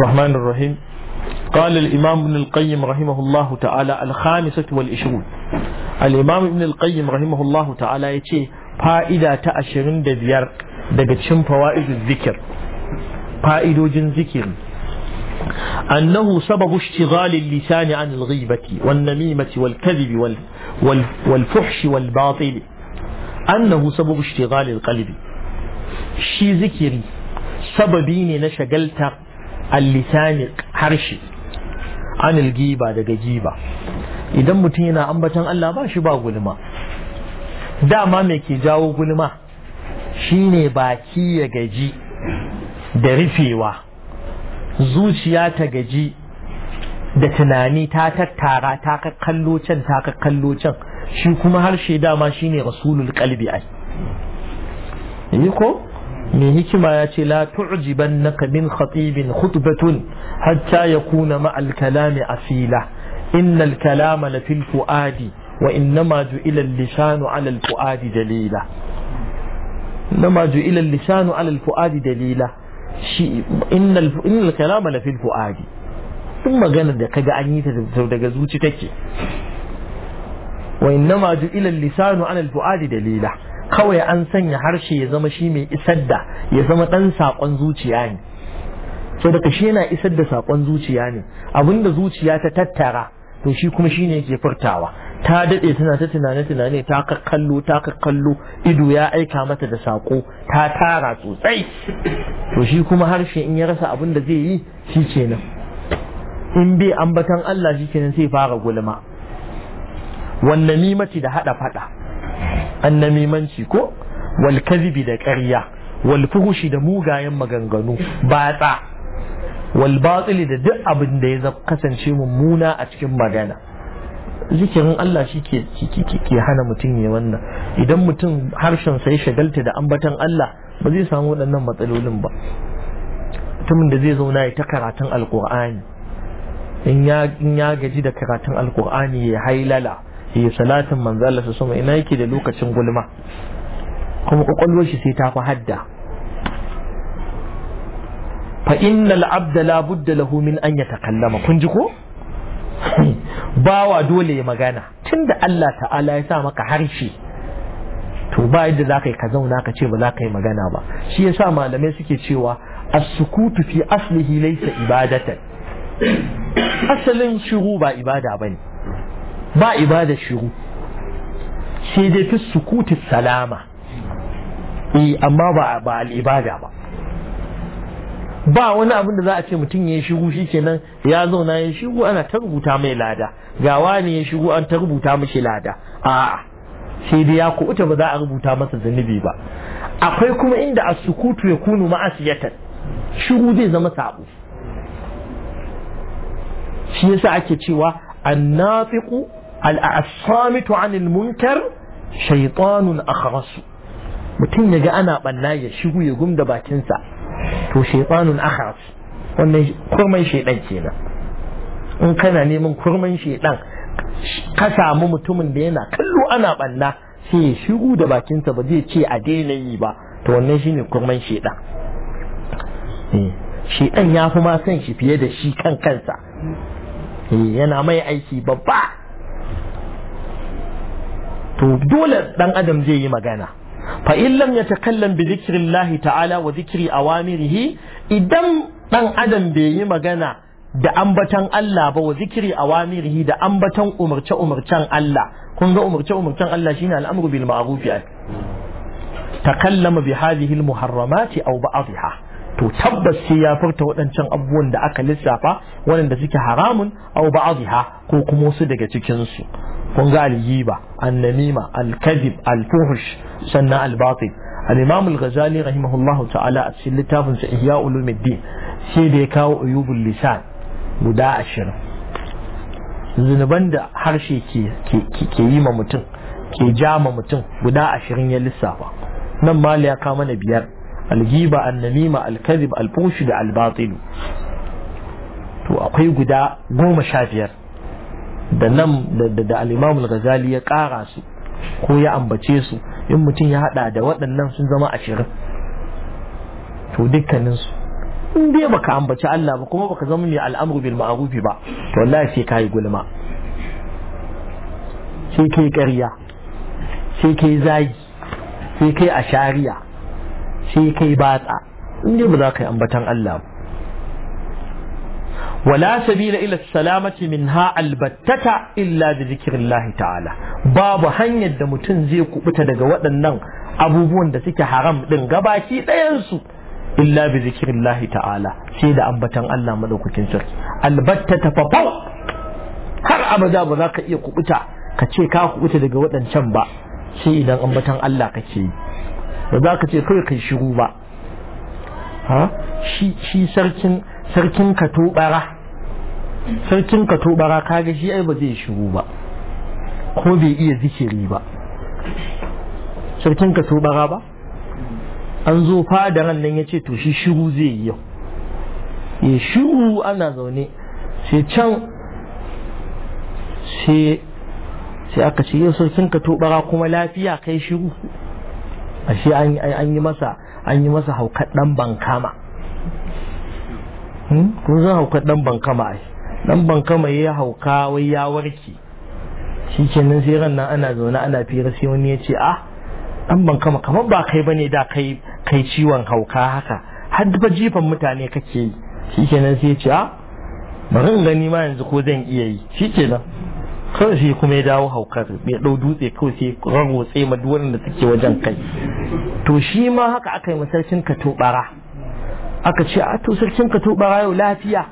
الرحمن الرحيم قال الإمام ابن القيم رحمه الله تعالى الخامسة والعشرون الإمام ابن القيم رحمه الله تعالى يتي فائدة تأشرين دبيار دقتشم فوائد الذكر فائد جن ذكر أنه سبب اشتغال اللسان عن الغيبة والنميمة والكذب والفحش والباطل أنه سبب اشتغال القلب شي ذكري سببين نشغلتك al harshe anil giba daga giba idan mutum yana ambatan Allah ba shi ba gulma dama me ke jawo gulma shine baki ya gaji da rifewa. zuciya ta gaji da tunani ta tattara ta ka kallo can ta kallo can shi kuma harshe dama shine rasulul kalbi ai ko mai hikima ya ce la tu'jiban naka min khatibin khutbatun hatta yakuna ma al kalami asila innal kalama la fil fuadi wa innama ju'ila al lisanu ala al fuadi dalila innama ju'ila al lisanu ala al fuadi dalila shi innal innal kalama la fil fuadi tun magana da kaga an yi ta daga zuci take wa innama ju'ila al lisanu ala al fuadi dalila kawai an sanya harshe ya zama shi mai isar da ya zama ɗan saƙon zuciya ne so daga shi yana isar da saƙon zuciya ne abinda zuciya ta tattara to shi kuma shi ne yake furtawa ta daɗe tana ta tunane-tunane ta kakkallo ta kakkallo ido ya aika mata da saƙo ta tara sosai to shi kuma harshe in ya rasa abinda zai yi shi kenan in bai ambatan Allah shi kenan sai fara gulma wannan mace da haɗa faɗa annamimanci ko wal kadhibi da ƙarya walfuhushi da mugayen maganganu batsa wal da duk abin da ya kasance mummuna a cikin magana zikirin Allah shi ke hana mutum ya wannan idan mutum harshen sai shagalta da ambatan Allah ba zai samu waɗannan matsalolin ba mutumin da zai zauna ya ta karatun alkur'ani in ya gaji da karatun alkur'ani ya hailala yi salatin manzala Allah sama ina yake da lokacin gulma kuma kwakwalwar shi sai ta fi hadda fa innal abda la budda lahu min an yatakallama kun ji ko bawa dole ya magana tunda Allah ta'ala ya sa maka harshe to ba yadda za ka yi ka zauna ka ce ba za ka yi magana ba shi yasa malamai suke cewa as-sukutu fi aslihi laysa ibadatan asalin shiru ba ibada bane ba ibada shiru sai dai fi sukuti salama eh amma ba ba al'ibada ba ba wani abin da za a ce mutum ya shiru shi shikenan ya zauna ya shiru ana ta rubuta mai lada gawa ne ya shiru an ta rubuta mishi lada a'a sai dai ya kuɓuta ba za a rubuta masa zunubi ba akwai kuma inda a sukutu ya kunu ma'asiyatan shiru zai zama sabo shi yasa ake cewa annafiqu al'asamitu anil munkar shaitanun akharasu mutum ya ga ana ɓanna ya shigo ya gumda bakinsa to shaitanun akharasu wannan kurman shaidan kenan in kana neman kurman shaidan ka samu mutumin da yana kallo ana ɓanna sai ya shigo da bakinsa ba zai ce a daina yi ba to wannan shine kurman shaidan shaidan ya fi ma son shi fiye da shi kan kansa yana mai aiki babba to dole dan adam zai yi magana fa in lam yatakallam bi dhikrillahi ta'ala wa dhikri awamirihi idan dan adam bai yi magana da ambatan Allah ba wa zikiri awamirihi da ambatan umarce umarcen Allah kun ga umarce umarcen Allah shine al'amru bil ma'ruf ya takallama bi hadhihi al muharramati aw ba'dha to tabbas sai ya furta waɗancan abubuwan da aka lissafa waɗanda suke haramun aw ba'dha ko kuma su daga cikin su kun ga al-ghiba an-namima sannan al-batil al-imam ta'ala a cikin littafin sa ihya ulumuddin sai da ya kawo uyubul lisan guda ashirin zunuban da harshe ke ke yi ma mutum ke jama mutum guda ashirin ya lissafa nan ma ya kawo mana biyar Algiba, ghiba an-namima da al to akwai guda goma sha biyar da nan da al'imamu al-ghazali ya kara su ko ya ambace su in mutum ya hada da waɗannan sun zama ashirin to dukkanin in dai baka ambaci Allah ba kuma baka zama mai al'amru bil ma'ruf ba to wallahi sai kai gulma sai kai ƙarya sai kai zagi sai kai ashariya sai kai batsa in dai ba za ka yi ambatan Allah ba ولا سبيل إلى السلامة منها البتة إلا بذكر الله تعالى باب هنيا دمتن زي كبتا دقا ودنن أبوبون دا سكي حرام دن غباكي لا ينسو إلا بذكر الله تعالى سيدا أنبتن الله ملوك كنسر البتة ففو har abada ba za ka iya kubuta ka ce ka kubuta daga waɗancan ba sai idan ambatan Allah kake yi ba za ka ce kawai kai shiru ba ha shi sarkin sarkin katubara sarkin katubara kaga shi ai ba zai shigo ba ko bai iya zikiri ba sarkin katubara ba an zo fadaran nan ya ce to shi shiru zai yi yau ya shiru ana zaune sai can sai aka ce yau sarkin katubara kuma lafiya kai shiru a an an yi masa haukar bankama Hmm? kun zan hauka dan bankama ai dan bankama ya hauka wai ya warke shi kenan sai ran nan ana zaune ana fira sai wani ya ce ah dan ma kamar ba kai bane da kai kai ciwon hauka haka har ba jifan mutane kake yi shi kenan sai ya ce ah bari gani ma yanzu ko zan iya yi shi kenan kawai sai kuma ya dawo haukar ya ɗau dutse kawai sai rarrotse ma duk da suke wajen kai to shi ma haka aka yi masarcin ka to bara aka ce a to sarkin ka tuba yau lafiya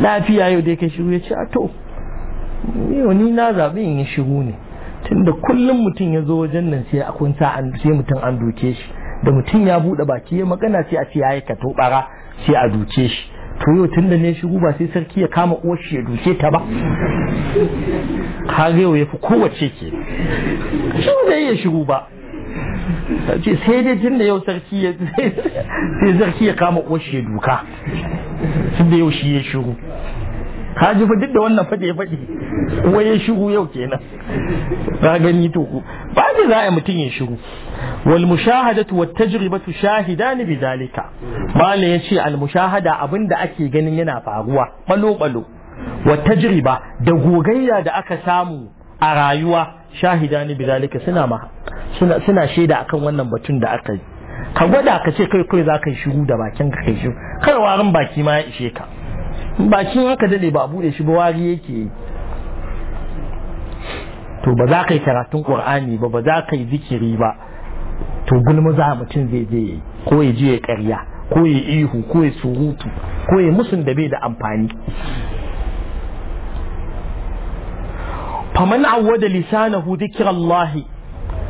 lafiya yau dai ka shiru ya ce a to ni na zaɓi in yi shiru ne tunda kullum mutum ya zo wajen nan sai akwai sa an sai mutum an duke shi da mutum ya buɗe baki ya magana sai a ce yayi ka tobara sai a duke shi to yau tunda ne shiru ba sai sarki ya kama uwar shi ya duke ta ba har yau ya fi kowace ke shi ba zai iya shiru ba ce sai dai tun da yau sarki ya sai sarki ya kama uwashi ya duka tun da yau shi ya shiru ka ji fa duk da wannan fade fade uwa ya shiru yau kenan ka gani to ku ba ji za a mutum ya shiru wal mushahadatu wat tajribatu shahidan bi zalika ya yace al mushahada abinda ake ganin yana faruwa balo balo wat tajriba da gogayya da aka samu a rayuwa bi bidalika suna suna suna shaida akan wannan batun da aka yi ka gwada ka ce kai kai za ka yi shiru da bakin ka kai shiru kar warin baki ma ya ishe ka bakin haka dade ba bude shi ba wari yake yi to ba za ka yi karatun qur'ani ba ba za ka yi zikiri ba to gulma za mutum zai je ko ya je ya karya ko ya ihu ko ya surutu ko ya musun da bai da amfani faman awwada lisanahu dhikra Allah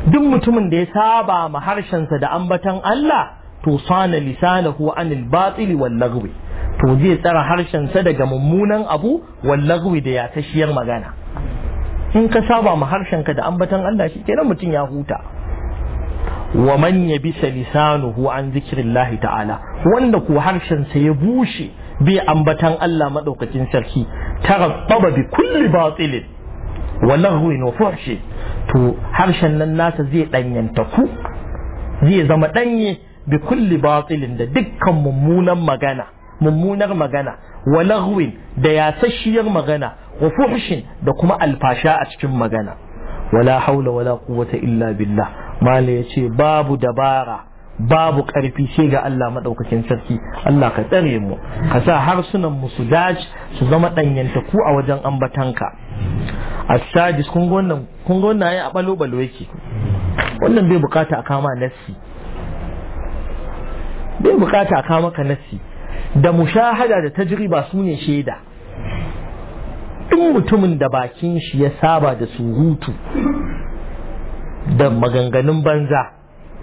duk mutumin da ya saba ma harshensa da ambatan Allah to sana lisanahu anil batil wal lagwi to zai tsara harshensa daga mummunan abu wal lagwi da yatashiyar magana in ka saba ma harshenka da ambatan Allah shi kenan mutum ya huta wa man yabisa lisanuhu an zikrillahi ta'ala wanda ko harshensa ya bushe bai ambatan Allah madaukakin sarki tarabbaba bi kulli batilin wa lagwin wa to harshen nan nasa zai ɗanyanta ku zai zama ɗanye bi kulli batilin da dukkan mummunan magana mummunar magana wa lagwin da yasasshiyar magana wa fuhshin da kuma alfasha a cikin magana wala haula wala quwwata illa billah mala yace babu dabara babu ƙarfi sai ga Allah maɗaukakin sarki Allah ka tsare mu ka sa harsunan mu su dace su zama ɗanyanta ku a wajen ambatanka A sadis kun ga wannan kun a balo balo yake wannan bai bukata a kama nassi bai bukata a kama ka nassi da mushahada da tajriba su ne shaida in mutumin da bakin shi ya saba da surutu da maganganun banza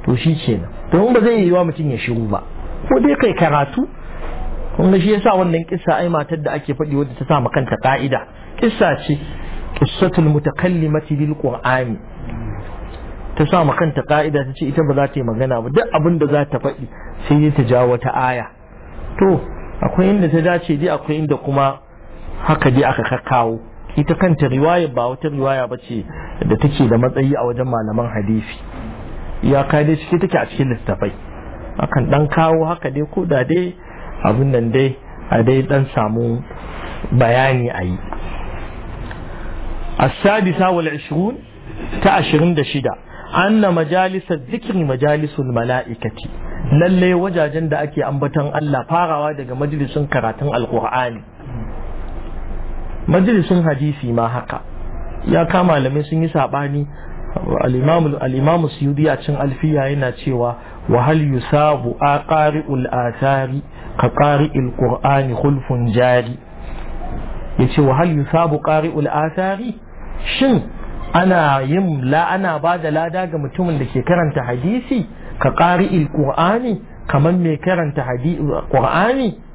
to shi kenan don ba zai yiwa mutum ya shiru ba ko dai kai karatu kun ga shi yasa wannan kissa ai matar da ake faɗi wadda ta sa kanta ka'ida kissa ce qissatul mutakallimati bil qur'ani ta sa kanta ka'ida ta ce ita ba za ta yi magana ba duk abin da za ta faɗi sai dai ta jawo wata aya to akwai inda ta dace dai akwai inda kuma haka dai aka kakkawo ita kanta riwaya ba wata riwaya ba ce da take da matsayi a wajen malaman hadisi iyaka dai ciki take a cikin littafai akan dan kawo haka dai ko da dai abin nan dai a dai dan samu bayani a yi السادسة والعشرون تأشرين دشدة أن مجالس الذكر مجالس Malaikati lalle wajajen da ake ambatan Allah farawa daga majalisun karatun alkur'ani majalisun hadisi ma haka ya ka malamai sun yi saɓani al-imam a cin alfiya yana cewa wa hal yusabu aqari'ul athari ka qari'il qur'ani khulfun jari yace wa hal yusabu qari'ul athari shin ana yin la ana ba da lada ga mutumin da ke karanta hadisi ka qari'il qur'ani kamar mai karanta hadisi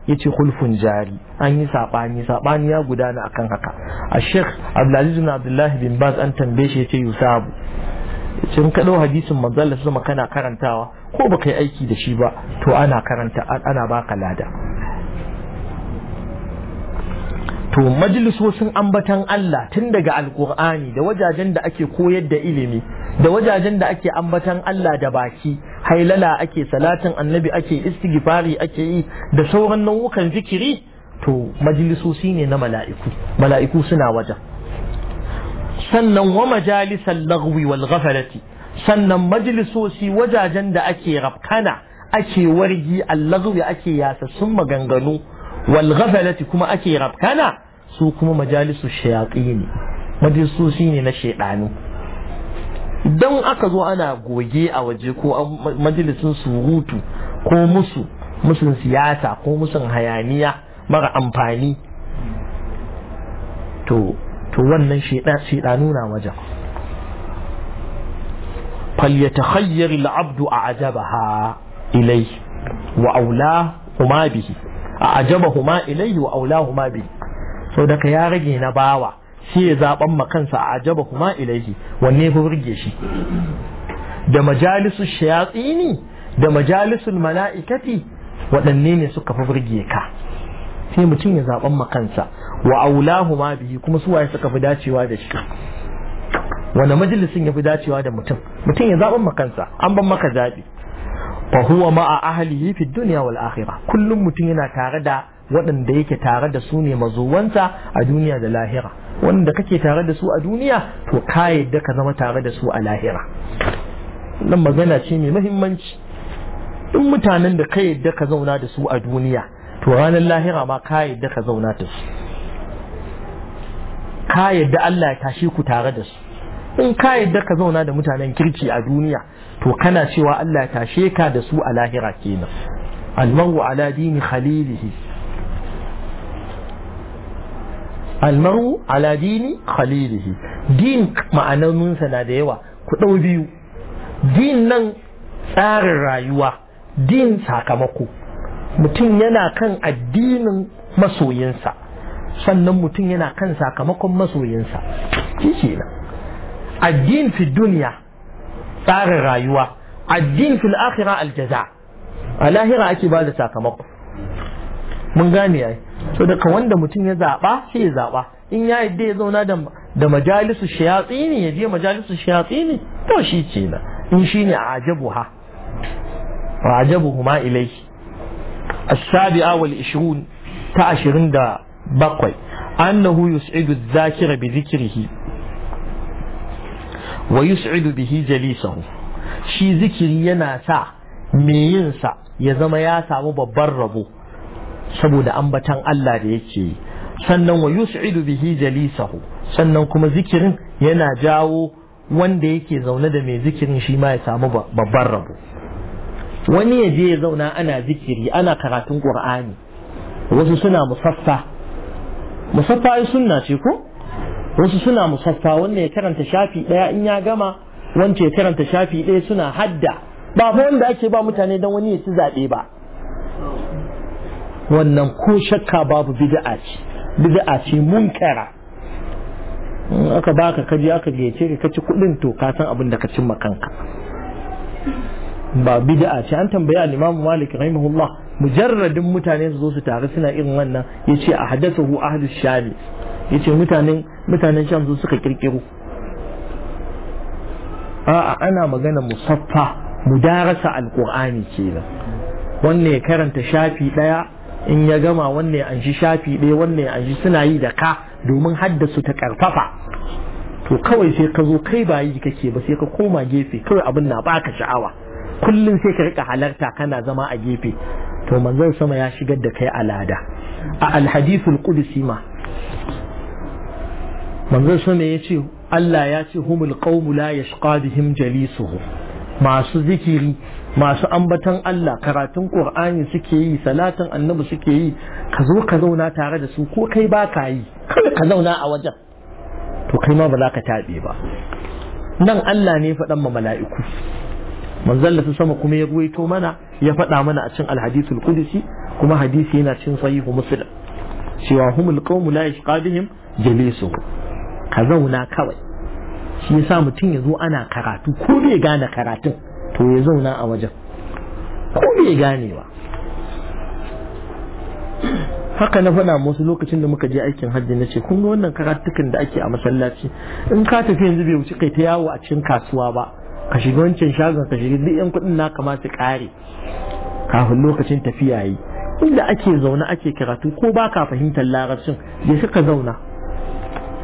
yace hulfun jari an yi sabani sabani ya gudana akan haka a sheikh abdulaziz bin abdullah bin baz an tambaye shi yace yusabu cin kaɗo hadisin sai sama kana karantawa ko baka yi aiki da shi ba to ana karanta ana baka lada to majalisosin ambatan Allah tun daga alkur'ani da wajajen da ake koyar da ilimi da wajajen da ake ambatan Allah da baki hailala ake salatin annabi ake istighfari ake yi da sauran nau'ukan zikiri to majalisoci ne na mala'iku mala'iku suna wajen sannan wa majalisan lagwi wal ghafalati sannan majalisosi wajajen da ake rafkana ake wargi allagwi ake yasassun maganganu wal ghafalati kuma ake rafkana su kuma majalisu shayaƙi ne Majalisosi ne na shaidanu don aka zo ana goge a waje ko majalisun surutu ko musu musun siyasa ko musun hayaniya mara amfani to wannan shida nuna wajen فليتخير العبد a ajaba huma ilai wa aula وأولاهما sau so daga ya rage na bawa sai ya zaɓan ma kansa a ajaba kuma ilaihi wanne fi burge shi da majalisu shayatsini da Majalisun mala'ikati waɗanne ne suka fi burge ka sai mutum ya zaɓan ma kansa wa aulahu ma bihi kuma su waye suka fi dacewa da shi wanda majalisin ya fi dacewa da mutum mutum ya zaɓan ma kansa an ban maka zaɓi fa huwa ma'a ahlihi fi dunya wal akhirah kullum mutum yana tare da waɗanda yake tare da su ne mazuwansa a duniya da lahira wanda kake tare da su a duniya to ka yadda ka zama tare da su a lahira nan magana ce mai mahimmanci in mutanen da ka yadda ka zauna da su a duniya to ranar lahira ma ka yadda ka zauna da su ka yadda Allah ya tashi ku tare da su in ka yadda ka zauna da mutanen kirki a duniya to kana cewa Allah ya tashe ka da su a lahira kenan almaru ala dini khalilihi almaru ala dini khalilihi din ma'anoninsa na da yawa ku ɗau biyu din nan tsarin rayuwa din sakamako mutum yana kan addinin masoyinsa sannan mutum yana kan sakamakon masoyinsa shi nan addin fi duniya tsarin rayuwa addin fi akhira aljaza a lahira ake ba da sakamako mun gane yayi. so daga wanda mutum ya zaɓa sai ya zaɓa in ya yadda ya zauna da majalisu shayatsi ne ya je majalisu shayatsi ne to shi ce na in shi ne a ajabu ha a ajabu huma ilai السابعة والعشرون تعشرين دا بقوي أنه يسعد الذاكر بذكره bihi به جليسه shi zikiri yana sa me yinsa ya zama ya samu babban rabo saboda ambatan Allah da yake yi sannan wa yus'idu bihi jalisahu sannan kuma zikirin yana jawo wanda yake zaune da mai zikirin shi ma ya samu babban rabo wani ya je ya zauna ana zikiri ana karatun qur'ani wasu suna musaffa musaffa ai sunna ce ko wasu suna musaffa wanda ya karanta shafi daya in ya gama wanda ya karanta shafi daya suna hadda ba wanda ake ba mutane dan wani ya ci zabe ba wannan ko shakka babu bid'a ce bid'a ce munkara in aka baka kaji aka gece ka kaci kudin to ka san abin da ka cimma kanka ba bid'a ce an tambaya al-Imam Malik rahimahullah mujarradin mutane su zo su tare suna irin wannan yace ahdathu ahlus shami yace mutanen mutanen sham su suka kirkiro a'a ana magana musaffa mudarasa alqur'ani kenan wannan ya karanta shafi daya in ya gama wannan an shi shafi ɗaya wannan an shi suna yi da ka domin haddasa ta karfafa to kawai sai ka zo kai ba yi kake ba sai ka koma gefe kawai abin na baka sha'awa kullum sai ka rika halarta kana zama a gefe to manzon sama ya shigar da kai alada a alhadithul qudsi ma manzon sama ya ce Allah ya ce humul qawmu la yashqa bihim jalisuhu masu zikiri masu ambatan Allah karatun Qur'ani suke yi salatan annabi suke yi ka zo ka zauna tare da su ko kai ba ka yi kada ka zauna a wajen to kai ma ba za ka taɓe ba nan Allah ne faɗan ma mala'iku manzon da sama kuma ya ruwaito mana ya faɗa mana a cin alhadisul qudsi kuma hadisi yana cin sahihu muslim cewa humul qawmu la yashqa bihim jalisu ka zauna kawai shi yasa mutum ya zo ana karatu ko bai gane karatun to ya zauna a wajen ko bai gane ba haka na faɗa musu lokacin da muka je aikin hajji na ce kun ga wannan karatukan da ake a masallaci in ka tafi yanzu bai wuce kai ta yawo a cikin kasuwa ba ka shiga wancan shagon ka shiga duk yan kuɗin naka ma su ƙare kafin lokacin tafiya yi inda ake zauna ake karatu ko ba ka fahimtar larabcin je ka zauna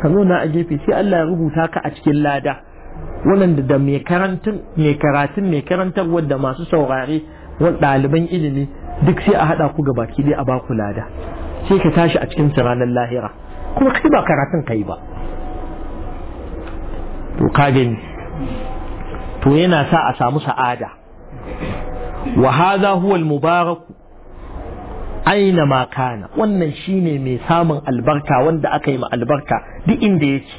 ka zauna a gefe sai Allah ya rubuta ka a cikin lada waɗanda da mai karatun mai karantar wadda masu saurare ɗaliban ilimi duk sai a haɗa ku ga baki ɗaya a baku lada sai ka tashi a cikin ranar lahira kuma kai ba karatun yi ba to ka gani to yana sa a samu sa'ada wa hadha huwa al-mubarak aina ma kana wannan shine mai samun albarka wanda aka yi ma albarka duk inda yake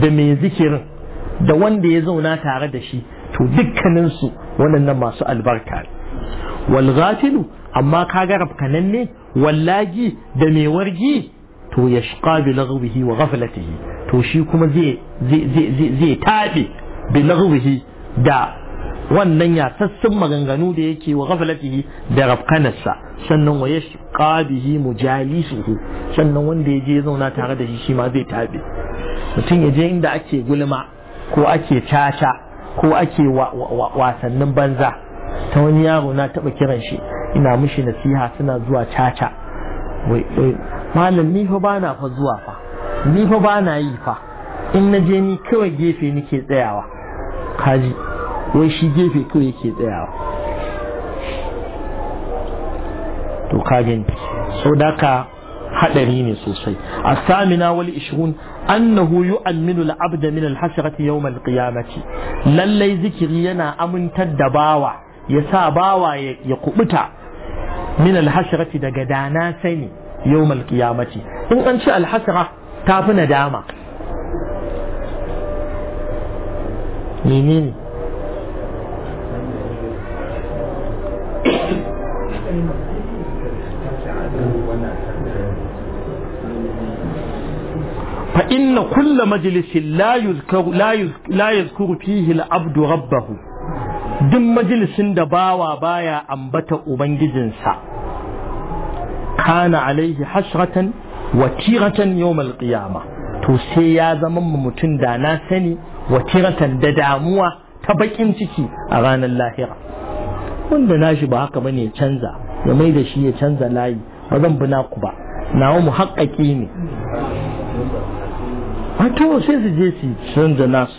da mai zikirin da wanda ya zauna tare da shi to dukkaninsu waɗannan masu albarka wal amma ka ga rafkanan ne wallagi da mai wargi to ya shiƙa bi lagwihi wa ghaflatihi to shi kuma zai zai taɓe bi lagwihi da wannan ya sassun maganganu da yake wa ghaflatihi da rafkanarsa sannan wa yashqa bihi mujalisuhu sannan wanda ya je zauna tare da shi shi ma zai tabe mutum ya je inda ake gulma ko ake caca ko ake wasannin banza ta wani yaro na taɓa kiran shi ina mishi nasiha suna zuwa caca malam ni fa bana fa zuwa fa ni fa bana yi fa in na je ni kawai gefe nake tsayawa kaji wai shi gefe kawai yake tsayawa to kajin sau da ka hadari ne sosai a samina wal ishirun An yu'minu al-abda min al-hasrati yawm al lallai zikiri yana amintar da bawa ya sa bawa ya kubuta min al daga dana sani yawm al-qiyamati in an ci al-hasra tafi nadama menene fa inna kulle majlisin la yuzkuru fihi al-abdu rabbahu duk majalisin da bawa baya ambata ubangijinsa kana alaihi hasratan watiratan tiratan yawmal qiyama to sai ya zama mutum da na sani wa da damuwa ta bakin ciki a ranar lahira wanda nashi ba haka bane ya canza mai da shi ya canza layi ba zan bina ku ba nawa mu haƙƙaƙi ne wato sai su je su sun da nasu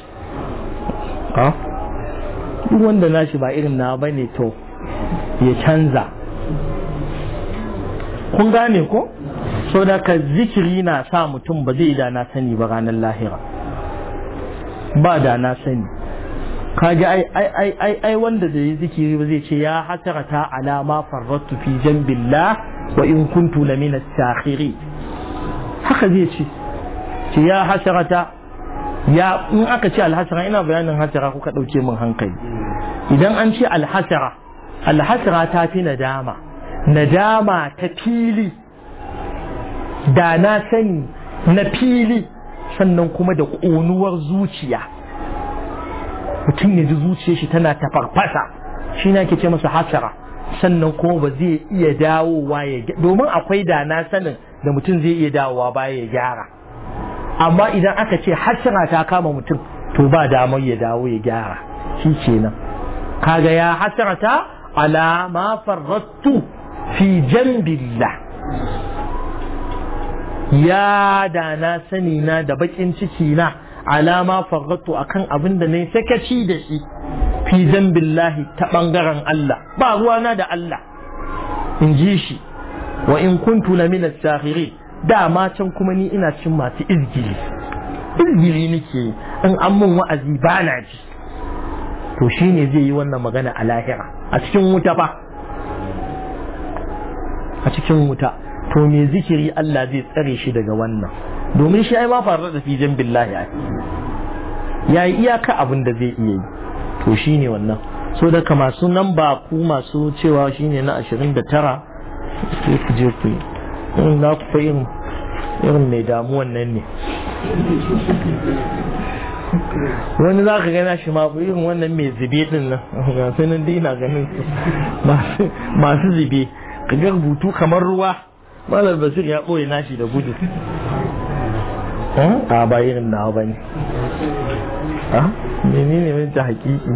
ha duk wanda nashi ba irin na bane to ya canza kun gane ko So, da ka zikiri na sa mutum ba zai da na sani ba ranar lahira ba da na sani kaji ai ai ai ai wanda da yi zikiri ba zai ce ya hasarata ala ma farattu fi jambillah wa in kuntu lamina sakhiri haka zai ce ce ya hasarata ya in aka ce alhasara ina bayanin hasara kuka ɗauke min hankali idan an ce alhasara alhasara ta fi nadama nadama ta fili da na sani na fili sannan kuma da ƙonuwar zuciya mutum ya ji zuciyar shi tana tafarfasa shi na ke ce masa hasara sannan kuma ba zai iya dawowa ya domin akwai da na sanin da mutum zai iya dawowa baya ya gyara amma idan aka ce hasira ta kama mutum to ba damar ya dawo ya gyara shi kenan kaga ya hasrata ala ma farrattu fi ya da na sani na da bakin ciki na ala ma farrattu akan abin da ne sakaci da shi fi ta bangaren Allah ba ruwa na da Allah in ji shi wa in kuntu lamina sahirin dama can kuma ni ina cin masu Izgiri izgiri nake in an mun wa'azi ba na ji to shine zai yi wannan magana a lahira a cikin wuta ba a cikin wuta to me zikiri Allah zai tsare shi daga wannan domin shi ai ma faru da fi billahi Ya yi iyaka abin da zai iya yi to shine wannan so daga masu nan ba ku masu cewa shine na 29 sai ku je ku yi in za ku fa irin mai damuwan nan ne wani za ka gana shi mafi irin wannan mai zube din nan ga sanin dai na ganin masu zube ka ga rubutu kamar ruwa malar basir ya ɓoye nashi da gudu a ba irin na ba ne a ah? menene wani ta hakiki